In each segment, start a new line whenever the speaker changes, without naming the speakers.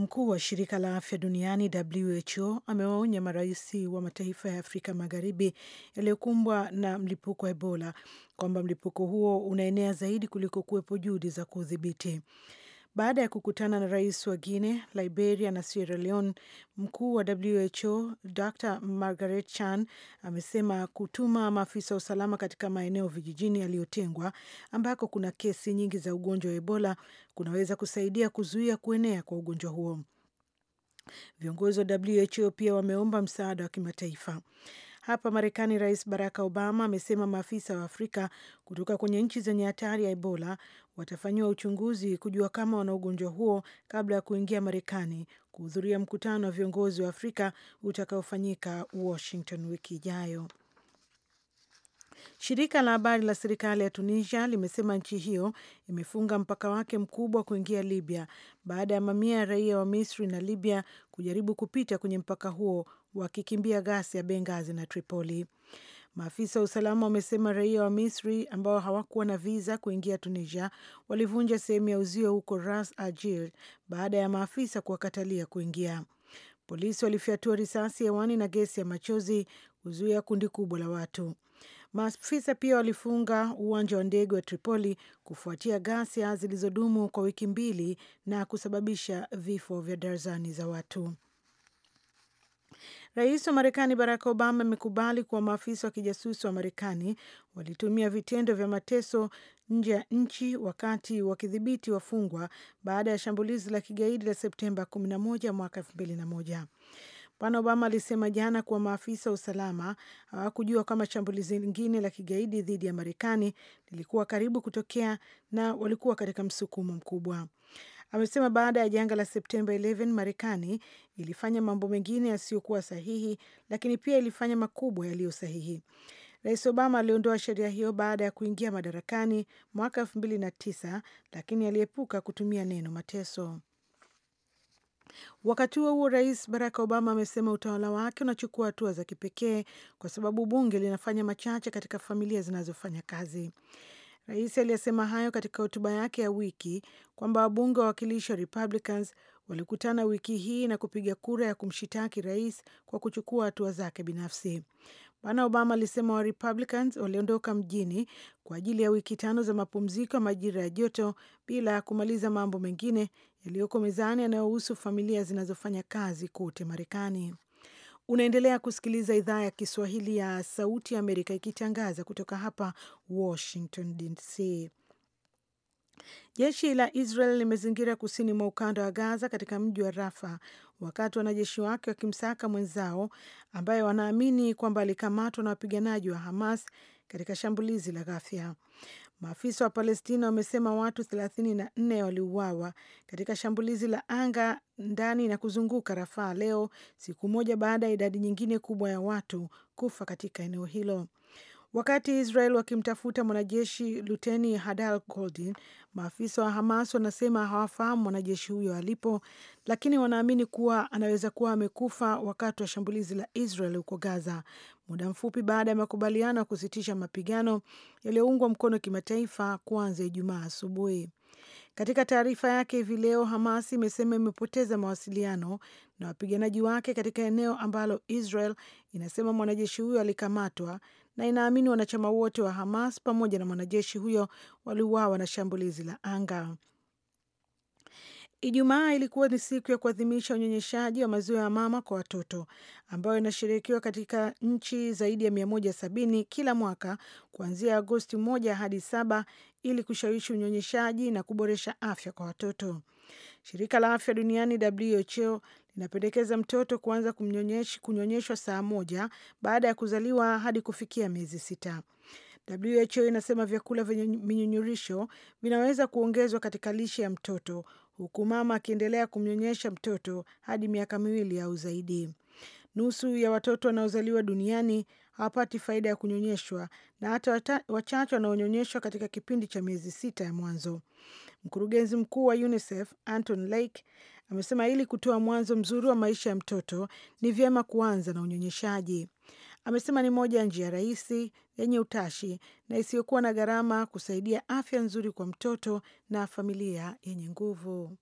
Mkuu wa shirika la afya duniani WHO amewaonya marais wa mataifa ya Afrika Magharibi yaliyokumbwa na mlipuko wa Ebola kwamba mlipuko huo unaenea zaidi kuliko kuwepo juhudi za kuudhibiti baada ya kukutana na rais wa Guinea, Liberia na Sierra Leone. Mkuu wa WHO Dr Margaret Chan amesema kutuma maafisa wa usalama katika maeneo vijijini yaliyotengwa ambako kuna kesi nyingi za ugonjwa wa Ebola kunaweza kusaidia kuzuia kuenea kwa ugonjwa huo. Viongozi wa WHO pia wameomba msaada wa kimataifa. Hapa Marekani, Rais Barack Obama amesema maafisa wa Afrika kutoka kwenye nchi zenye hatari ya Ebola watafanyiwa uchunguzi kujua kama wana ugonjwa huo kabla ya kuingia Marekani kuhudhuria mkutano wa viongozi wa Afrika utakaofanyika Washington wiki ijayo. Shirika la habari la serikali ya Tunisia limesema nchi hiyo imefunga mpaka wake mkubwa kuingia Libya baada ya mamia ya raia wa Misri na Libya kujaribu kupita kwenye mpaka huo wakikimbia ghasia ya Bengazi na Tripoli. Maafisa wa usalama wamesema raia wa Misri ambao hawakuwa na viza kuingia Tunisia walivunja sehemu ya uzio huko Ras Ajir baada ya maafisa kuwakatalia kuingia. Polisi walifyatua risasi hewani na gesi ya machozi kuzuia kundi kubwa la watu. Maafisa pia walifunga uwanja wa ndege wa Tripoli kufuatia ghasia zilizodumu kwa wiki mbili na kusababisha vifo vya darzani za watu. Rais wa Marekani Barack Obama amekubali kuwa maafisa wa kijasusi wa Marekani walitumia vitendo vya mateso nje ya nchi wakati wakidhibiti wafungwa baada ya shambulizi la kigaidi la Septemba 11 mwaka 2001. Bwana Obama alisema jana kuwa maafisa wa usalama hawakujua kama shambulizi lingine la kigaidi dhidi ya Marekani lilikuwa karibu kutokea na walikuwa katika msukumo mkubwa amesema baada ya janga la Septemba 11 Marekani ilifanya mambo mengine yasiyokuwa sahihi, lakini pia ilifanya makubwa yaliyo sahihi. Rais Obama aliondoa sheria hiyo baada ya kuingia madarakani mwaka 2009 lakini aliepuka kutumia neno mateso. Wakati huo huo, Rais Barack Obama amesema utawala wake unachukua hatua za kipekee kwa sababu bunge linafanya machache katika familia zinazofanya kazi. Rais aliyesema hayo katika hotuba yake ya wiki kwamba wabunge wa wakilishi wa Republicans walikutana wiki hii na kupiga kura ya kumshitaki rais kwa kuchukua hatua zake binafsi. Bwana Obama alisema wa Republicans waliondoka mjini kwa ajili ya wiki tano za mapumziko ya majira ya joto bila ya kumaliza mambo mengine yaliyoko mezani yanayohusu familia zinazofanya kazi kote Marekani. Unaendelea kusikiliza idhaa ya Kiswahili ya Sauti ya Amerika ikitangaza kutoka hapa Washington DC. Jeshi la Israel limezingira kusini mwa ukanda wa Gaza katika mji wa Rafa, wakati wanajeshi wake wakimsaka mwenzao ambaye wanaamini kwamba alikamatwa na wapiganaji wa Hamas katika shambulizi la ghafya. Maafisa wa Palestina wamesema watu 34 waliuawa katika shambulizi la anga ndani na kuzunguka Rafaa leo, siku moja baada ya idadi nyingine kubwa ya watu kufa katika eneo hilo. Wakati Israel wakimtafuta mwanajeshi Luteni Hadal Goldin, maafisa wa Hamas wanasema hawafahamu mwanajeshi huyo alipo, lakini wanaamini kuwa anaweza kuwa amekufa wakati wa shambulizi la Israel huko Gaza, muda mfupi baada ya makubaliano ya kusitisha mapigano yaliyoungwa mkono kimataifa kuanza Ijumaa asubuhi. Katika taarifa yake hivi leo, Hamas imesema imepoteza mawasiliano na wapiganaji wake katika eneo ambalo Israel inasema mwanajeshi huyo alikamatwa na inaamini wanachama wote wa Hamas pamoja na mwanajeshi huyo waliuawa na shambulizi la anga. Ijumaa ilikuwa ni siku ya kuadhimisha unyonyeshaji wa maziwa ya mama kwa watoto ambayo inasherekiwa katika nchi zaidi ya sabini kila mwaka kuanzia Agosti moja hadi saba ili kushawishi unyonyeshaji na kuboresha afya kwa watoto. Shirika la afya duniani WHO linapendekeza mtoto kuanza kunyonyeshwa saa moja baada ya kuzaliwa hadi kufikia miezi sita. WHO inasema vyakula vyenye minyunyurisho vinaweza kuongezwa katika lishe ya mtoto huku mama akiendelea kumnyonyesha mtoto hadi miaka miwili au zaidi. Nusu ya watoto wanaozaliwa duniani hawapati faida ya kunyonyeshwa na hata wachache wanaonyonyeshwa katika kipindi cha miezi sita ya mwanzo. Mkurugenzi mkuu wa UNICEF Anton Lake amesema ili kutoa mwanzo mzuri wa maisha ya mtoto ni vyema kuanza na unyonyeshaji. Amesema ni moja ya njia rahisi yenye utashi na isiyokuwa na gharama kusaidia afya nzuri kwa mtoto na familia yenye nguvu.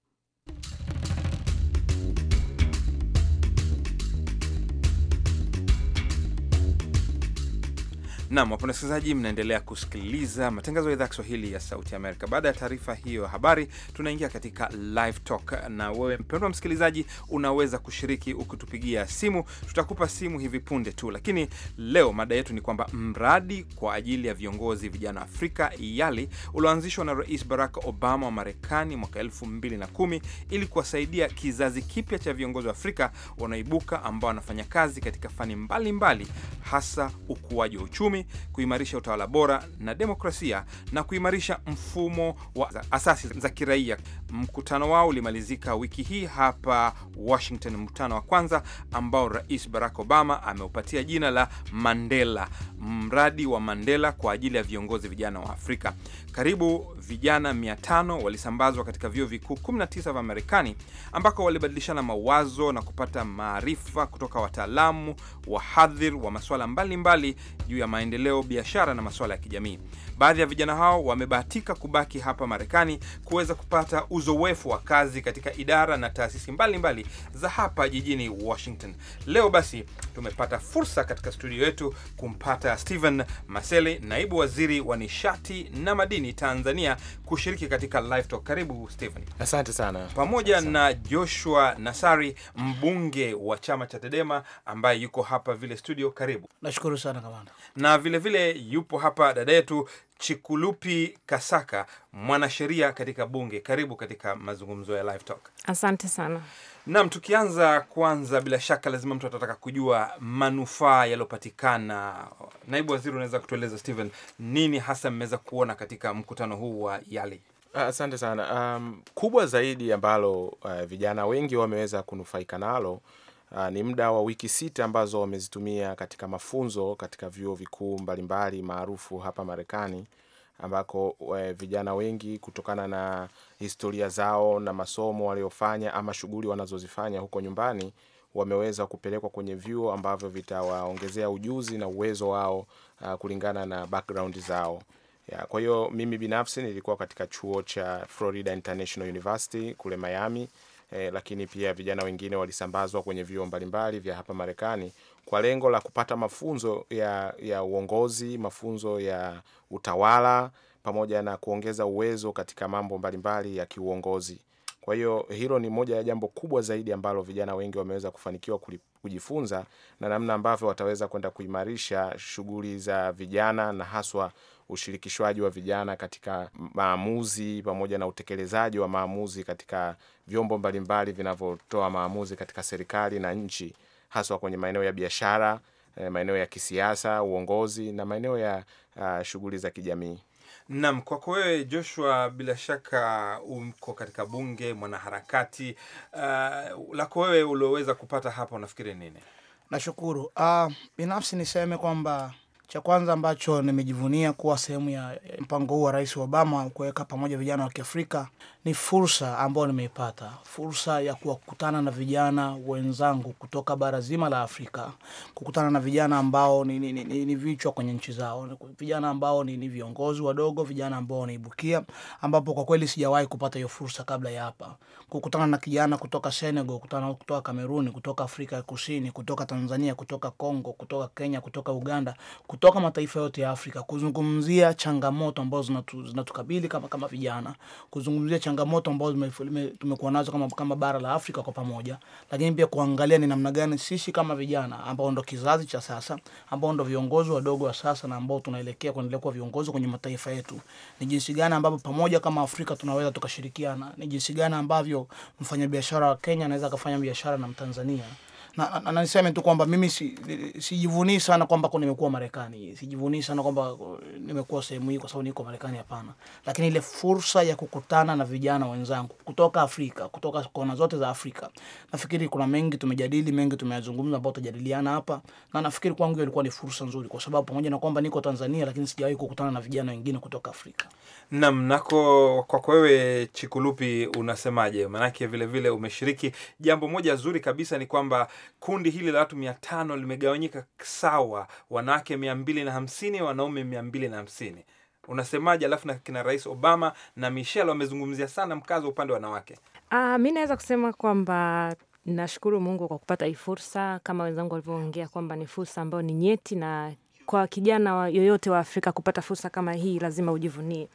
Nam wapenda wasikilizaji, mnaendelea kusikiliza matangazo ya idhaa ya Kiswahili ya Sauti Amerika. Baada ya taarifa hiyo ya habari, tunaingia katika live talk, na wewe mpendwa msikilizaji, unaweza kushiriki ukitupigia simu. Tutakupa simu hivi punde tu, lakini leo mada yetu ni kwamba mradi kwa ajili ya viongozi vijana Afrika YALI ulioanzishwa na Rais Barack Obama wa Marekani mwaka elfu mbili na kumi ili kuwasaidia kizazi kipya cha viongozi wa Afrika wanaoibuka ambao wanafanya kazi katika fani mbalimbali mbali, hasa ukuaji wa uchumi uchumi, kuimarisha utawala bora na demokrasia na kuimarisha mfumo wa asasi za kiraia. Mkutano wao ulimalizika wiki hii hapa Washington, mkutano wa kwanza ambao Rais Barack Obama ameupatia jina la Mandela, mradi wa Mandela kwa ajili ya viongozi vijana wa Afrika. Karibu vijana 500 walisambazwa katika vyuo vikuu 19 vya Marekani ambako walibadilishana mawazo na kupata maarifa kutoka wataalamu, wahadhir wa masuala mbalimbali juu ya maendeleo, biashara na masuala ya kijamii. Baadhi ya vijana hao wamebahatika kubaki hapa Marekani kuweza kupata uzoefu wa kazi katika idara na taasisi mbalimbali mbali za hapa jijini Washington. Leo basi tumepata fursa katika studio yetu kumpata Steven Masele, naibu waziri wa nishati na madini Tanzania, kushiriki katika live talk. Karibu Steven.
Asante sana.
Pamoja Asante na Joshua Nasari, mbunge wa chama cha Tedema ambaye yuko hapa vile studio. Karibu.
Nashukuru sana kamanda.
Na vilevile vile yupo hapa dada yetu Chikulupi Kasaka, mwanasheria katika bunge. Karibu katika mazungumzo ya Live Talk.
Asante sana.
Naam, tukianza kwanza, bila shaka lazima mtu atataka kujua manufaa yaliyopatikana. Naibu waziri, unaweza kutueleza stehen nini hasa mmeweza kuona katika mkutano huu wa YALI?
Asante sana. Um, kubwa zaidi ambalo uh, vijana wengi wameweza kunufaika nalo na Uh, ni muda wa wiki sita ambazo wamezitumia katika mafunzo katika vyuo vikuu mbalimbali maarufu hapa Marekani ambako we, eh, vijana wengi kutokana na historia zao na masomo waliofanya ama shughuli wanazozifanya huko nyumbani wameweza kupelekwa kwenye vyuo ambavyo vitawaongezea ujuzi na uwezo wao uh, kulingana na background zao. Ya, kwa hiyo mimi binafsi nilikuwa katika chuo cha Florida International University kule Miami eh, lakini pia vijana wengine walisambazwa kwenye vyuo mbalimbali vya hapa Marekani kwa lengo la kupata mafunzo ya, ya uongozi, mafunzo ya utawala pamoja na kuongeza uwezo katika mambo mbalimbali ya kiuongozi. Kwa hiyo hilo ni moja ya jambo kubwa zaidi ambalo vijana wengi wameweza kufanikiwa kujifunza na namna ambavyo wataweza kwenda kuimarisha shughuli za vijana na haswa ushirikishwaji wa vijana katika maamuzi pamoja na utekelezaji wa maamuzi katika vyombo mbalimbali vinavyotoa maamuzi katika serikali na nchi, haswa kwenye maeneo ya biashara, eh, maeneo ya kisiasa, uongozi na maeneo ya uh, shughuli za kijamii.
Naam, kwako wewe Joshua, bila shaka uko katika bunge, mwanaharakati uh, lako wewe ulioweza kupata hapa, unafikiri nini?
Nashukuru uh, binafsi niseme kwamba cha kwanza ambacho nimejivunia kuwa sehemu ya mpango huu wa Rais Obama kuweka pamoja vijana wa Kiafrika ni fursa ambayo nimeipata, fursa ya kuwakutana na vijana wenzangu kutoka bara zima la Afrika, kukutana na vijana ambao ni, ni, ni, ni vichwa kwenye nchi zao, vijana ambao ni, ni viongozi wadogo, vijana ambao wanaibukia, ambapo kwa kweli sijawahi kupata hiyo fursa kabla ya hapa, kukutana na kijana kutoka Senegal, kukutana kutoka Kameruni, kutoka Afrika ya Kusini, kutoka Tanzania, kutoka congo kutoka Kenya, kutoka Uganda kutoka kutoka mataifa yote ya Afrika kuzungumzia changamoto ambazo zinatukabili kama, kama vijana kuzungumzia changamoto ambazo tumekuwa nazo kama, kama bara la Afrika kwa pamoja, lakini pia kuangalia ni namna gani sisi kama vijana ambao ndo kizazi cha sasa ambao ndo viongozi wadogo wa sasa na ambao tunaelekea kuendelea kuwa viongozi kwenye mataifa yetu, ni jinsi gani ambavyo pamoja kama Afrika tunaweza tukashirikiana, ni jinsi gani ambavyo mfanyabiashara wa Kenya anaweza akafanya biashara na Mtanzania na, na, na niseme tu kwamba mimi sijivunii si, si sana kwamba nimekuwa Marekani, sijivunii sana kwamba nimekuwa sehemu hii kwa sababu niko Marekani, hapana. Lakini ile fursa ya kukutana na vijana wenzangu kutoka Afrika, kutoka kona zote za Afrika, nafikiri kuna mengi tumejadili, mengi tumeyazungumza ambayo tutajadiliana hapa, na nafikiri kwangu hiyo ilikuwa ni fursa nzuri, kwa sababu pamoja na kwamba niko Tanzania, lakini sijawahi kukutana na vijana wengine kutoka Afrika.
Na mnako kwako wewe Chikulupi, unasemaje? Maanake vile vile umeshiriki jambo moja zuri kabisa, ni kwamba kundi hili la watu mia tano limegawanyika sawa, wanawake mia mbili na hamsini wanaume mia mbili na hamsini Unasemaje? Alafu na kina Rais Obama na Michelle wamezungumzia sana mkazo upande wa wanawake.
Uh, mi naweza kusema kwamba nashukuru Mungu kwa kupata hii fursa, kama wenzangu walivyoongea kwamba ni fursa ambayo ni nyeti na kwa kijana wa yoyote wa Afrika kupata fursa kama hii lazima ujivunie.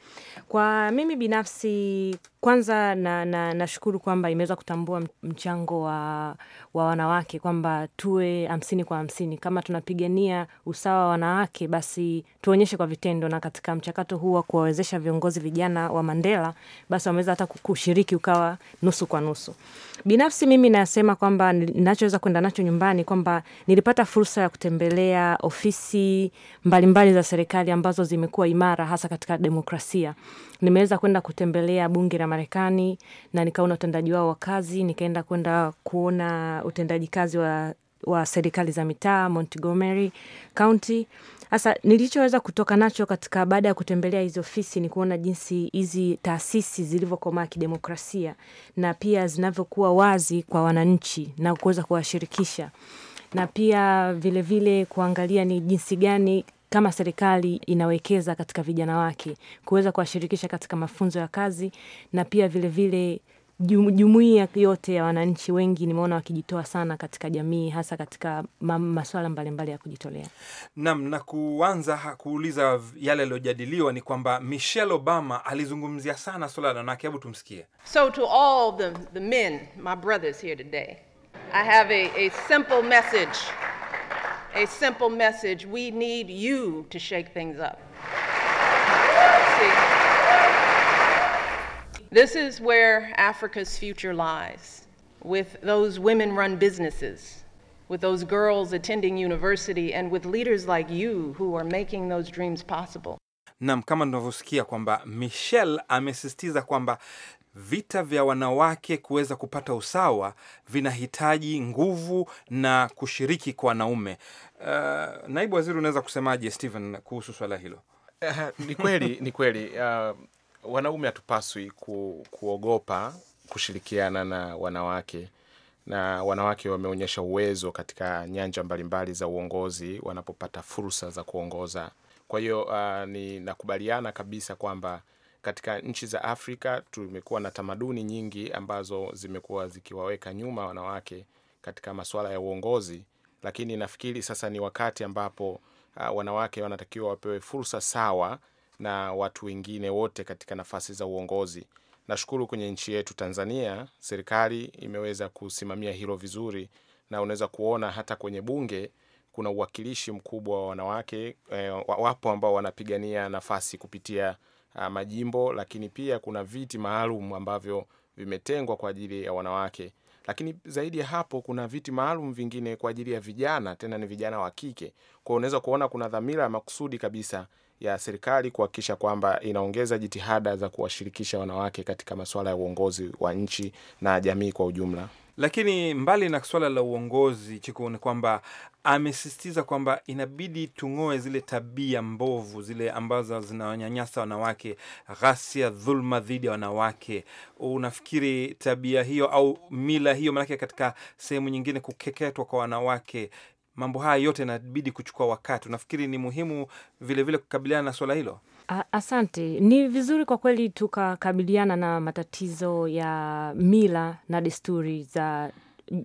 Kwa mimi binafsi, kwanza na, na, nashukuru kwamba imeweza kutambua mchango wa, wa wanawake kwamba tuwe hamsini kwa hamsini. Kama tunapigania usawa wa wanawake, basi tuonyeshe kwa vitendo, na katika mchakato huu wa kuwawezesha viongozi vijana wa Mandela, basi wameweza hata kushiriki ukawa nusu kwa nusu. Binafsi mimi nasema kwamba ninachoweza kwenda nacho nyumbani kwamba nilipata fursa ya kutembelea ofisi mbalimbali mbali za serikali ambazo zimekuwa imara hasa katika demokrasia. Nimeweza kwenda kutembelea bunge la Marekani na nikaona utendaji wao wa kazi, nikaenda kwenda kuona utendaji kazi wa wa serikali za mitaa Montgomery County. Sasa nilichoweza kutoka nacho katika baada ya kutembelea hizi ofisi ni kuona jinsi hizi taasisi zilivyokomaa kidemokrasia na pia zinavyokuwa wazi kwa wananchi na kuweza kuwashirikisha na pia vilevile vile kuangalia ni jinsi gani kama serikali inawekeza katika vijana wake kuweza kuwashirikisha katika mafunzo ya kazi na pia vilevile vile jumuia yote ya wananchi wengi nimeona wakijitoa sana katika jamii hasa katika masuala mbalimbali ya kujitolea.
nam na kuanza kuuliza yale yaliyojadiliwa ni kwamba Michelle Obama alizungumzia sana swala la wanawake. Hebu tumsikie.
So to all the,
the men my brothers here today I have a, a simple message. A simple message. We need you to shake things up. See, this is where Africa's future lies with those women run businesses, with those girls attending university, and with leaders like you who are making those dreams possible. Nam, kama tunavyosikia kwamba Michelle amesisitiza kwamba vita vya wanawake kuweza kupata usawa vinahitaji nguvu na kushiriki kwa wanaume. Uh, naibu waziri, unaweza kusemaje Stephen kuhusu swala hilo? Uh, ni kweli
ni kweli uh, wanaume hatupaswi ku, kuogopa kushirikiana na wanawake na wanawake wameonyesha uwezo katika nyanja mbalimbali za uongozi wanapopata fursa za kuongoza. Kwa hiyo uh, ni nakubaliana kabisa kwamba katika nchi za Afrika tumekuwa na tamaduni nyingi ambazo zimekuwa zikiwaweka nyuma wanawake katika masuala ya uongozi, lakini nafikiri sasa ni wakati ambapo uh, wanawake wanatakiwa wapewe fursa sawa na watu wengine wote katika nafasi za uongozi. Nashukuru kwenye nchi yetu Tanzania serikali imeweza kusimamia hilo vizuri, na unaweza kuona hata kwenye bunge kuna uwakilishi mkubwa wa wanawake eh, wapo ambao wanapigania nafasi kupitia Ah, majimbo, lakini pia kuna viti maalum ambavyo vimetengwa kwa ajili ya wanawake lakini zaidi ya hapo kuna viti maalum vingine kwa ajili ya vijana, tena ni vijana wa kike. Kwa unaweza kuona kuna dhamira ya makusudi kabisa ya serikali kuhakikisha kwamba inaongeza jitihada za kuwashirikisha wanawake katika masuala ya uongozi wa nchi na jamii kwa ujumla.
Lakini mbali na suala la uongozi chiku ni kwamba amesisitiza kwamba inabidi tung'oe zile tabia mbovu zile ambazo zinawanyanyasa wanawake, ghasia, dhulma dhidi ya wanawake. Unafikiri tabia hiyo au mila hiyo, maanake katika sehemu nyingine kukeketwa kwa wanawake, mambo haya yote inabidi kuchukua wakati. Unafikiri ni muhimu vilevile kukabiliana na swala hilo?
Asante. Ni vizuri kwa kweli tukakabiliana na matatizo ya mila na desturi za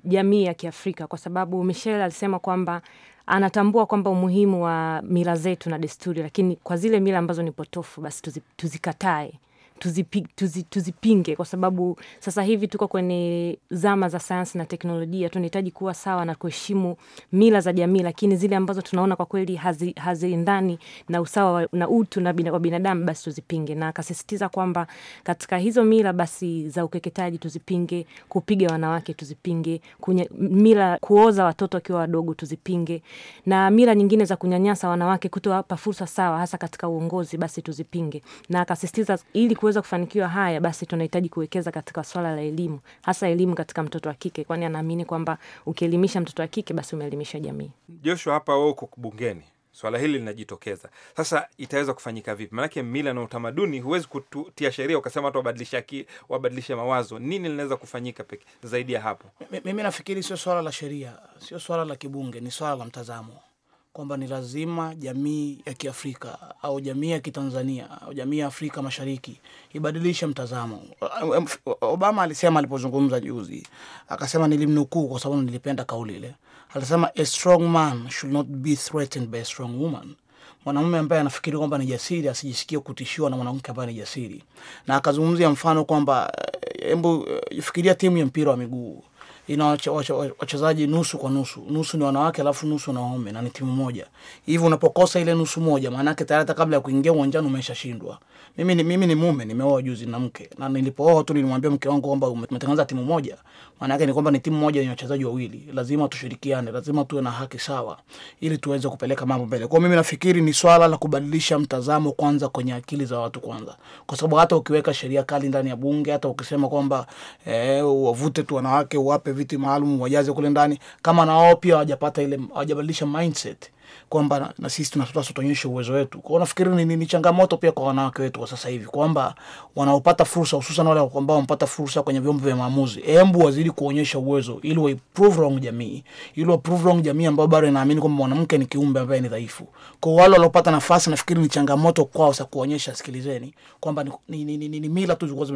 jamii ya Kiafrika kwa sababu Michelle alisema kwamba anatambua kwamba umuhimu wa mila zetu na desturi, lakini kwa zile mila ambazo ni potofu basi tuzi, tuzikatae tuzipi, tuzi, tuzipinge kwa sababu sasa hivi tuko kwenye zama za sayansi na teknolojia. Tunahitaji kuwa sawa na kuheshimu mila za jamii, lakini zile ambazo tunaona kwa kweli haziendani hazi na usawa na utu na bina, wa binadamu basi tuzipinge, na akasisitiza kwamba katika hizo mila basi za ukeketaji tuzipinge, kupiga wanawake tuzipinge, kunye, mila kuoza watoto wakiwa wadogo tuzipinge, na mila nyingine za kunyanyasa wanawake, kutowapa fursa sawa hasa katika uongozi basi tuzipinge, na akasisitiza ili kuweza kufanikiwa haya, basi tunahitaji kuwekeza katika swala la elimu, hasa elimu katika mtoto wa kike, kwani anaamini kwamba ukielimisha mtoto wa kike, basi umeelimisha jamii.
Joshua, hapa wewe uko bungeni swala hili linajitokeza sasa, itaweza kufanyika vipi? Maanake mila na utamaduni huwezi kutia sheria ukasema watu wabadilishe mawazo. Nini linaweza kufanyika peke zaidi ya hapo?
Mimi nafikiri sio swala la sheria, sio swala la kibunge, ni swala la mtazamo kwamba ni lazima jamii ya Kiafrika au jamii ya Kitanzania au jamii ya Afrika Mashariki ibadilishe mtazamo. Obama alisema alipozungumza juzi, akasema, nilimnukuu kwa sababu nilipenda kauli ile, alisema a strong man should not be threatened by a strong woman mwanamume ambaye anafikiri kwamba ni jasiri asijisikie kutishiwa na mwanamke ambaye ni jasiri, na akazungumzia mfano kwamba, eh, hebu eh, fikiria timu ya mpira wa miguu ina wachezaji nusu kwa nusu, nusu ni wanawake alafu nusu na waume, na ni timu moja. hivi unapokosa ile nusu moja, maana yake tayari kabla ya kuingia uwanjani umeshashindwa. Mimi ni, mimi ni mume, nimeoa juzi na mke, na nilipooa tu nilimwambia mke wangu kwamba umetengeneza timu moja, maana yake ni kwamba ni timu moja yenye wachezaji wawili, lazima tushirikiane, lazima tuwe na haki sawa, ili tuweze kupeleka mambo mbele. Kwa mimi nafikiri ni swala la kubadilisha mtazamo kwanza kwenye akili za watu kwanza, kwa sababu hata ukiweka sheria kali ndani ya bunge, hata ukisema kwamba eh, wavute tu wanawake uwape viti maalum wajaze kule ndani, kama na wao pia hawajapata ile, hawajabadilisha mindset kwamba na sisi tunapaswa tuonyeshe uwezo wetu kwao. Nafikiri ni, ni ni changamoto pia kwa wanawake wetu kwa sasa hivi kwamba wanaopata fursa, hususan wale ambao wamepata fursa kwenye vyombo vya maamuzi, embu wazidi kuonyesha uwezo ili wa prove wrong jamii, ili wa prove wrong jamii ambayo bado inaamini kwamba mwanamke ni kiumbe ambaye ni dhaifu. Kwa wale waliopata nafasi, nafikiri ni changamoto kwao sasa kuonyesha, sikilizeni kwamba ni, ni, ni, ni, ni mila tu zilikuwa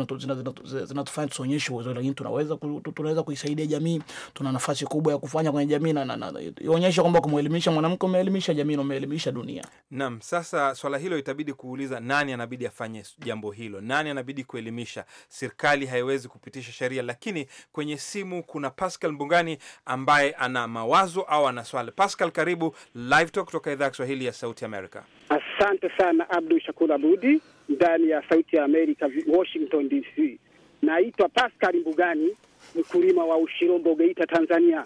zinatufanya tusionyeshe uwezo, lakini tunaweza tunaweza kuisaidia jamii, tuna nafasi kubwa ya kufanya kwenye jamii na, na, na, ionyeshe kwamba kumuelimisha mwanamke umeelimisha kuelimisha jamii na umeelimisha dunia.
Naam, sasa swala hilo itabidi kuuliza nani anabidi afanye jambo hilo, nani anabidi kuelimisha. Serikali haiwezi kupitisha sheria, lakini kwenye simu kuna Pascal Mbungani ambaye ana mawazo au ana swali. Pascal, karibu Live Talk kutoka idhaa ya Kiswahili ya Sauti Amerika.
Asante sana Abdu Shakur Abudi
ndani ya Sauti ya Amerika, Washington DC. Naitwa Pascal Mbugani, mkulima wa Ushirombo, Geita, Tanzania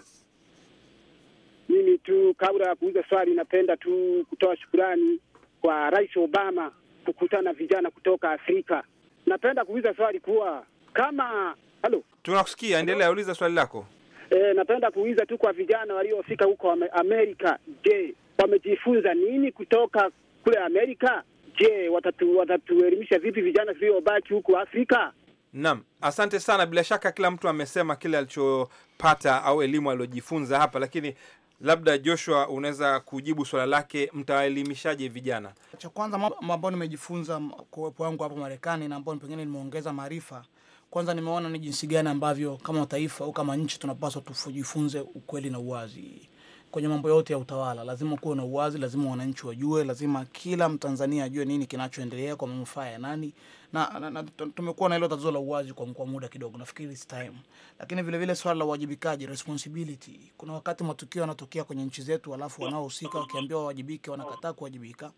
mimi tu kabla ya kuuza swali, napenda tu kutoa shukurani kwa Rais Obama kukutana vijana kutoka Afrika. Napenda kuuliza swali kuwa kama halo,
tunakusikia, endelea, uliza swali lako.
E, napenda kuuliza tu kwa vijana waliofika huko Amerika, je, wamejifunza nini kutoka kule Amerika? Je, watatu, watatuelimisha vipi vijana tuliobaki huko Afrika?
Naam, asante sana. Bila shaka kila mtu amesema kile alichopata au elimu aliyojifunza hapa, lakini Labda Joshua, unaweza kujibu swala lake, mtawaelimishaje vijana?
Cha kwanza ambao nimejifunza kuwepo uwepo wangu hapa Marekani na ambao pengine nimeongeza maarifa, kwanza nimeona ni jinsi gani ambavyo kama taifa au kama nchi tunapaswa tujifunze ukweli na uwazi kwenye mambo yote ya utawala, lazima kuwe na uwazi, lazima wananchi wajue, lazima kila Mtanzania ajue nini kinachoendelea kwa manufaa ya nani. Na, na, na tumekuwa na hilo tatizo la uwazi kwa, kwa muda kidogo, nafikiri it's time, lakini vile vile swala la uwajibikaji responsibility. Kuna wakati matukio yanatokea kwenye nchi zetu, alafu wanaohusika wakiambiwa wawajibike wanakataa kuwajibika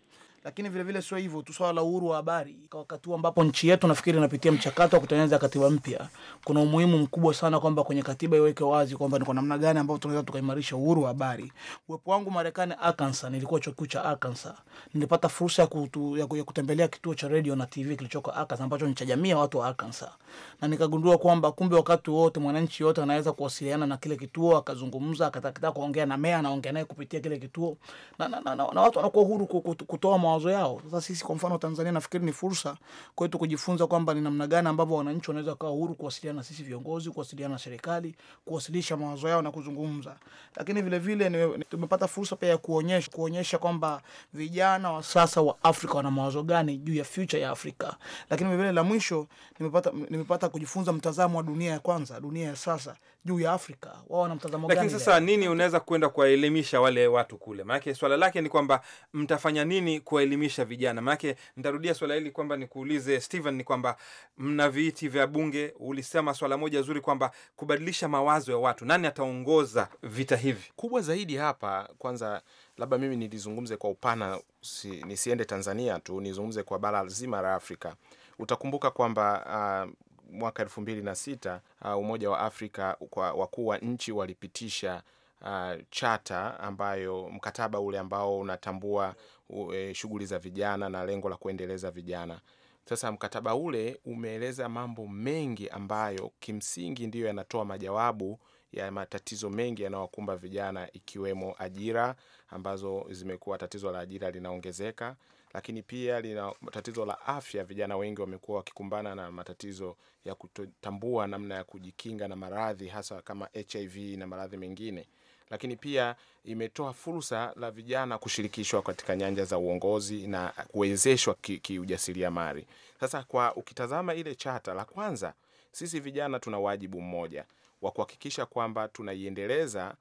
lakini vilevile sio hivyo tu swala la uhuru wa habari. Kwa wakati huu ambapo nchi yetu nafikiri inapitia mchakato wa kutengeneza katiba mpya, kuna umuhimu mkubwa sana kwamba kwenye katiba iweke wazi kwamba ni kwa namna gani ambapo tunaweza tukaimarisha uhuru wa habari. Uwepo wangu Marekani, Arkansas, nilikuwa chuo kikuu cha Arkansas, nilipata fursa ya, kutu, ya, ya kutembelea kituo cha radio na TV kilichoko Arkansas ambacho ni cha jamii ya watu wa Arkansas, na nikagundua kwamba kumbe wakati wote mwananchi yote anaweza kuwasiliana na kile kituo akazungumza, akatakitaa kuongea na mea anaongea naye kupitia kile kituo na, na, na, na, na watu wanakuwa huru kutoa mawazo yao. Sasa sisi kwa mfano Tanzania, nafikiri ni fursa kwetu kujifunza kwamba ni namna gani ambavyo wananchi wanaweza kuwa huru kuwasiliana na sisi viongozi, kuwasiliana na serikali, kuwasilisha mawazo yao na kuzungumza. Lakini vile vile ni, ni, tumepata fursa pia ya kuonyesha kuonyesha kwamba vijana wa sasa wa Afrika wana mawazo gani juu ya future ya Afrika. Lakini vile vile la mwisho nimepata nimepata kujifunza mtazamo wa dunia ya kwanza, dunia ya sasa juu ya Afrika. Wao wana mtazamo gani? Lakini sasa
nini unaweza kwenda kuwaelimisha wale watu kule? Maana swala lake ni kwamba mtafanya nini kwa kuwaelimisha vijana? Maanake nitarudia swala hili kwamba nikuulize Steven, ni kwamba mna viti vya bunge. Ulisema swala moja zuri kwamba
kubadilisha mawazo ya watu, nani ataongoza vita hivi kubwa zaidi hapa? Kwanza labda mimi nilizungumze kwa upana, si, nisiende Tanzania tu, nizungumze kwa bara zima la Afrika. Utakumbuka kwamba uh, mwaka elfu mbili na sita uh, Umoja wa Afrika kwa wakuu wa nchi walipitisha uh, chata ambayo mkataba ule ambao unatambua uh, shughuli za vijana na lengo la kuendeleza vijana. Sasa mkataba ule umeeleza mambo mengi ambayo kimsingi ndiyo yanatoa majawabu ya matatizo mengi yanayowakumba vijana ikiwemo ajira ambazo zimekuwa tatizo la ajira linaongezeka, lakini pia lina tatizo la afya. Vijana wengi wamekuwa wakikumbana na matatizo ya kutotambua namna ya kujikinga na maradhi hasa kama HIV na maradhi mengine lakini pia imetoa fursa la vijana kushirikishwa katika nyanja za uongozi na kuwezeshwa kiujasiriamali ki sasa kwa ukitazama ile chata, la kwanza sisi vijana tuna wajibu mmoja wa kuhakikisha kwamba tunaiendeleza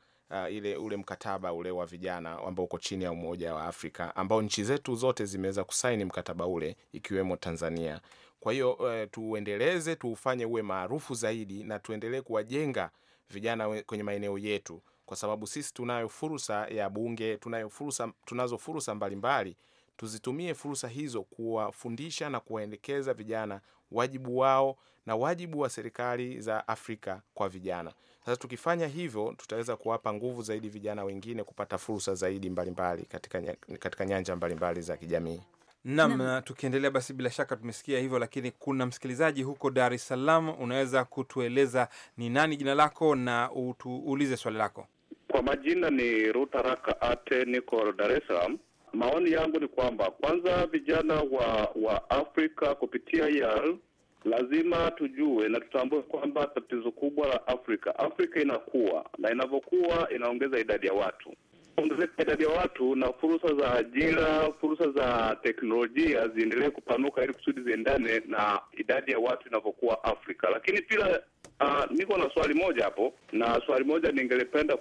Uh, ile ule mkataba ule wa vijana ambao uko chini ya Umoja wa Afrika ambao nchi zetu zote zimeweza kusaini mkataba ule ikiwemo Tanzania. Kwa hiyo uh, tuuendeleze, tuufanye uwe maarufu zaidi na tuendelee kuwajenga vijana kwenye maeneo yetu kwa sababu sisi tunayo fursa ya bunge, tunayo fursa, tunazo fursa mbalimbali. Tuzitumie fursa hizo kuwafundisha na kuwaelekeza vijana wajibu wao na wajibu wa serikali za Afrika kwa vijana. Sasa tukifanya hivyo, tutaweza kuwapa nguvu zaidi vijana wengine kupata fursa zaidi mbalimbali katika, katika nyanja mbalimbali za kijamii.
na tukiendelea basi, bila shaka tumesikia hivyo, lakini kuna msikilizaji huko Dar es Salaam. Unaweza kutueleza ni nani jina lako na utuulize swali lako? Kwa majina ni Ruta Raka Ate, niko Dar es Salaam. Maoni yangu ni kwamba kwanza, vijana wa wa Afrika kupitia YAL lazima tujue na tutambue kwamba tatizo kubwa la Afrika, Afrika inakuwa na inavyokuwa inaongeza idadi ya watu kuongezeka idadi ya watu na fursa za ajira, fursa za teknolojia ziendelee kupanuka ili kusudi ziendane na idadi ya watu inavyokuwa Afrika. Lakini pia uh, niko na swali moja hapo, na swali moja ningelipenda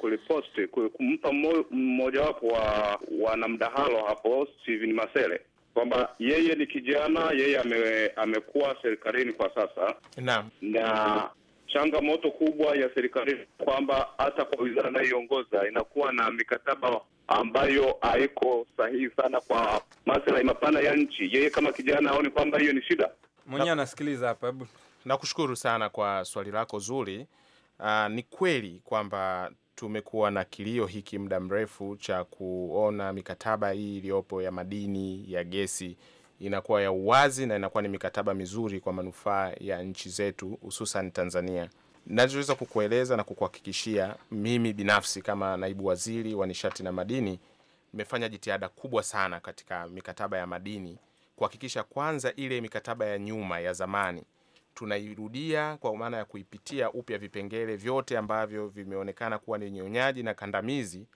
kuliposti kuli kumpa mmojawapo wa wanamdahalo hapo Steven Masele kwamba yeye ni kijana, yeye ame, amekuwa serikalini kwa sasa
na, na
changamoto kubwa ya serikali kwamba hata kwa wizara anayoongoza inakuwa na mikataba ambayo haiko sahihi sana kwa maslahi mapana ya nchi. Yeye kama kijana aone kwamba hiyo ni shida
mwenyewe. Anasikiliza hapa. Hebu nakushukuru sana kwa swali lako zuri. Aa, ah, ni kweli kwamba tumekuwa na kilio hiki muda mrefu cha kuona mikataba hii iliyopo ya madini ya gesi inakuwa ya uwazi na inakuwa ni mikataba mizuri kwa manufaa ya nchi zetu hususan Tanzania. Nachoweza kukueleza na kukuhakikishia, mimi binafsi kama naibu waziri wa nishati na madini nimefanya jitihada kubwa sana katika mikataba ya madini kuhakikisha kwanza ile mikataba ya nyuma ya zamani tunairudia kwa maana ya kuipitia upya vipengele vyote ambavyo vimeonekana kuwa ni nyonyaji na kandamizi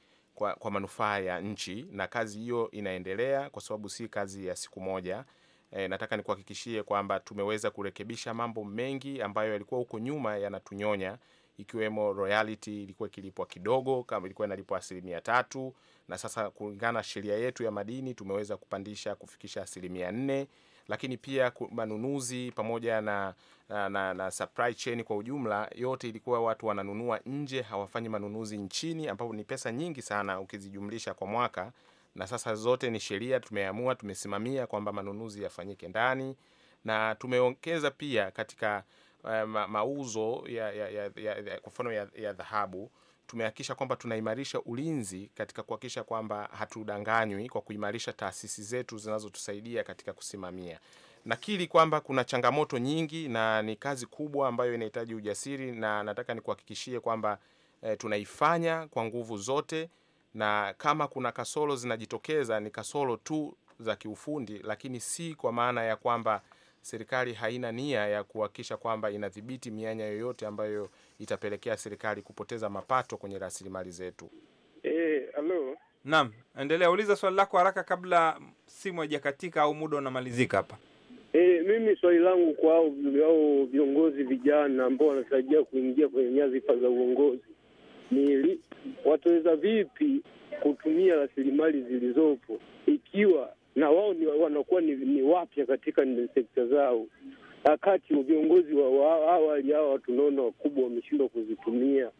kwa, kwa manufaa ya nchi, na kazi hiyo inaendelea kwa sababu si kazi ya siku moja. E, nataka nikuhakikishie kwamba tumeweza kurekebisha mambo mengi ambayo yalikuwa huko nyuma yanatunyonya, ikiwemo royalty ilikuwa ikilipwa kidogo, kama ilikuwa inalipwa asilimia tatu, na sasa kulingana na sheria yetu ya madini tumeweza kupandisha kufikisha asilimia nne lakini pia manunuzi pamoja na na, na, na supply chain kwa ujumla, yote ilikuwa watu wananunua nje, hawafanyi manunuzi nchini, ambapo ni pesa nyingi sana ukizijumlisha kwa mwaka. Na sasa zote ni sheria, tumeamua tumesimamia kwamba manunuzi yafanyike ndani, na tumeongeza pia katika uh, ma, mauzo ya, ya, ya, ya, kwa mfano ya, ya dhahabu tumehakikisha kwamba tunaimarisha ulinzi katika kuhakikisha kwamba hatudanganywi, kwa kuimarisha taasisi zetu zinazotusaidia katika kusimamia. Nakiri kwamba kuna changamoto nyingi na ni kazi kubwa ambayo inahitaji ujasiri, na nataka nikuhakikishie kwamba e, tunaifanya kwa nguvu zote, na kama kuna kasoro zinajitokeza ni kasoro tu za kiufundi, lakini si kwa maana ya kwamba serikali haina nia ya kuhakikisha kwamba inadhibiti mianya yoyote ambayo itapelekea serikali kupoteza mapato kwenye rasilimali zetu. Eh, halo.
Naam, endelea, uliza swali lako haraka kabla simu haijakatika au muda unamalizika hapa.
Eh, mimi swali langu kwa hao viongozi vijana ambao wanatarajia kuingia kwenye nyadhifa za uongozi ni wataweza vipi kutumia rasilimali zilizopo ikiwa na wao ni wanakuwa ni, ni wapya katika sekta zao, wakati viongozi wa awali hawa naona wakubwa wameshindwa kuzitumia.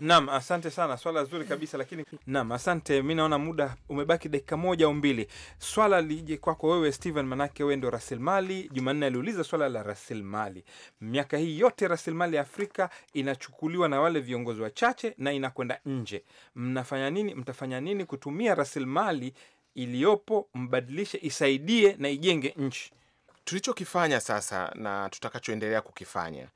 Naam, asante sana, swala zuri kabisa lakini, naam, asante. Mi naona muda umebaki dakika moja au mbili, swala lije kwako wewe Steven, manake wewe ndo rasilimali. Jumanne aliuliza swala la rasilimali. Miaka hii yote rasilimali ya Afrika inachukuliwa na wale viongozi wachache na inakwenda nje. Mnafanya nini? Mtafanya nini kutumia
rasilimali iliyopo, mbadilishe, isaidie na ijenge nchi. Tulichokifanya sasa na tutakachoendelea kukifanya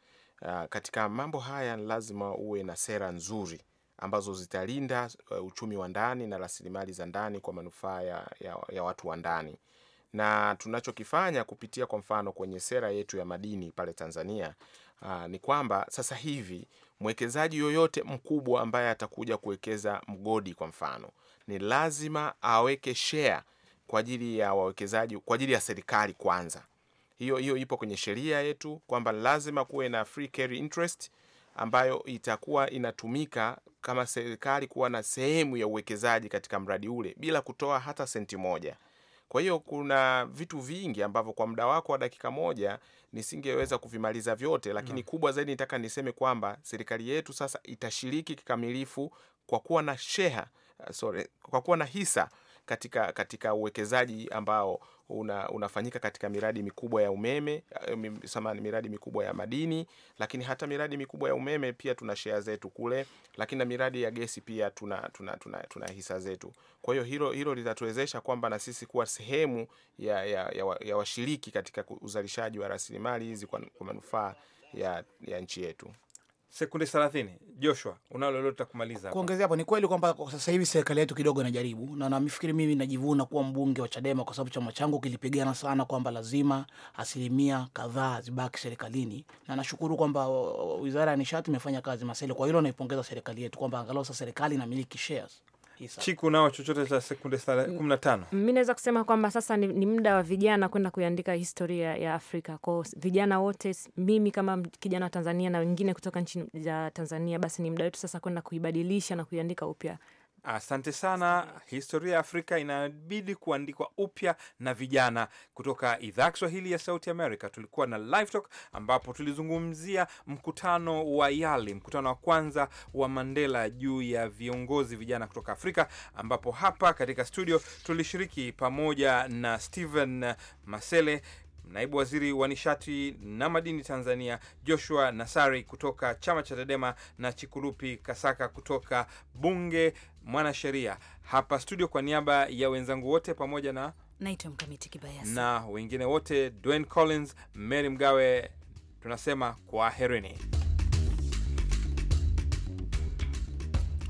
uh, katika mambo haya, lazima uwe na sera nzuri ambazo zitalinda uh, uchumi wa ndani na rasilimali za ndani kwa manufaa ya, ya, ya watu wa ndani na tunachokifanya kupitia kwa mfano kwenye sera yetu ya madini pale Tanzania aa, uh, ni kwamba sasa hivi mwekezaji yoyote mkubwa ambaye atakuja kuwekeza mgodi kwa mfano ni lazima aweke share kwa ajili ya wawekezaji, kwa ajili ya serikali kwanza. Hiyo hiyo ipo kwenye sheria yetu kwamba lazima kuwe na free carry interest ambayo itakuwa inatumika kama serikali kuwa na sehemu ya uwekezaji katika mradi ule bila kutoa hata senti moja. Kwa hiyo kuna vitu vingi ambavyo kwa muda wako wa dakika moja nisingeweza kuvimaliza vyote, lakini no. Mm. kubwa zaidi nitaka niseme kwamba serikali yetu sasa itashiriki kikamilifu kwa kuwa na sheha Eh, sorry, kwa kuwa na hisa katika katika uwekezaji ambao una, unafanyika katika miradi mikubwa ya umeme eh, samani, miradi mikubwa ya madini, lakini hata miradi mikubwa ya umeme pia tuna shea zetu kule, lakini na miradi ya gesi pia tuna, tuna, tuna, tuna hisa zetu. Kwa hiyo hilo hilo litatuwezesha kwamba na sisi kuwa sehemu ya, ya, ya, ya washiriki katika uzalishaji wa rasilimali hizi kwa, kwa manufaa ya, ya nchi yetu sekunde thelathini. Joshua, unalo lolote kumaliza
kuongezea hapo? Ni kweli kwamba kwa sasa hivi serikali yetu kidogo inajaribu, na namfikiri mimi najivuna kuwa mbunge wa Chadema kwa sababu chama changu kilipigana sana kwamba lazima asilimia kadhaa zibaki serikalini, na nashukuru kwamba uh, uh, wizara ya nishati imefanya kazi masele. Kwa hilo naipongeza serikali yetu kwamba angalau sa serikali inamiliki shares Chiku nao chochote cha sekunde kumi na tano. Mi naweza kusema
kwamba sasa ni, ni muda wa vijana kwenda kuiandika historia ya Afrika kwao, vijana wote, mimi kama kijana wa Tanzania na wengine kutoka nchi za Tanzania, basi ni muda wetu sasa kwenda kuibadilisha na kuiandika upya
Asante sana. Historia ya Afrika inabidi kuandikwa upya na vijana. Kutoka idhaa ya Kiswahili ya Sauti Amerika tulikuwa na Live Talk ambapo tulizungumzia mkutano wa YALI, mkutano wa kwanza wa Mandela juu ya viongozi vijana kutoka Afrika, ambapo hapa katika studio tulishiriki pamoja na stehen Masele, naibu waziri wa nishati na madini Tanzania, Joshua Nasari kutoka chama cha Tadema na Chikurupi Kasaka kutoka bunge mwanasheria hapa studio. Kwa niaba ya wenzangu wote pamoja na
naitwa Mkamiti Kibayasi
na wengine wote, Dwayne Collins, Mary Mgawe, tunasema herini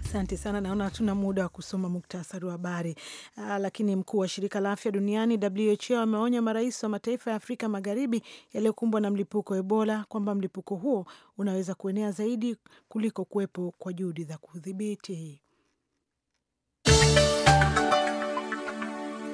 Asante sana. Naona hatuna muda wa kusoma muktasari wa habari, ah, lakini mkuu wa shirika la afya duniani WHO ameonya marais wa mataifa ya Afrika Magharibi yaliyokumbwa na mlipuko wa Ebola kwamba mlipuko huo unaweza kuenea zaidi kuliko kuwepo kwa juhudi za kudhibiti.